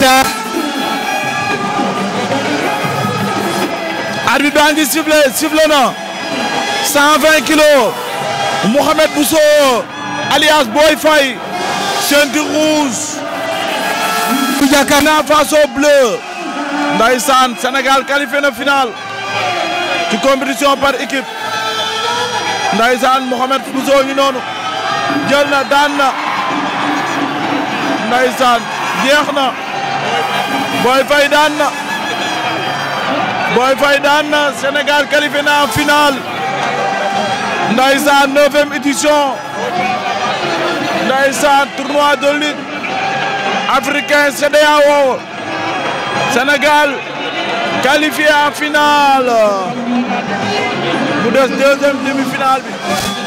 Keita arbitre baa ngi sifflé sifflé na 120 kilos Mouhamed Bousso alias Boy Faye ceinture rouge bleu ndeysaan Sénégal qualifié na finale ci compétition par équipe ndeysaan Mouhamed Bousso ngi noonu jël na daan na ndeysaan Boy Faye daan na Boy Faye daan na Sénégal qualifié na en finale ndaysaan neuvième édition ndaysaan tournoi de lutte africain CEDEAO Sénégal mu des deuxième demi-finale bi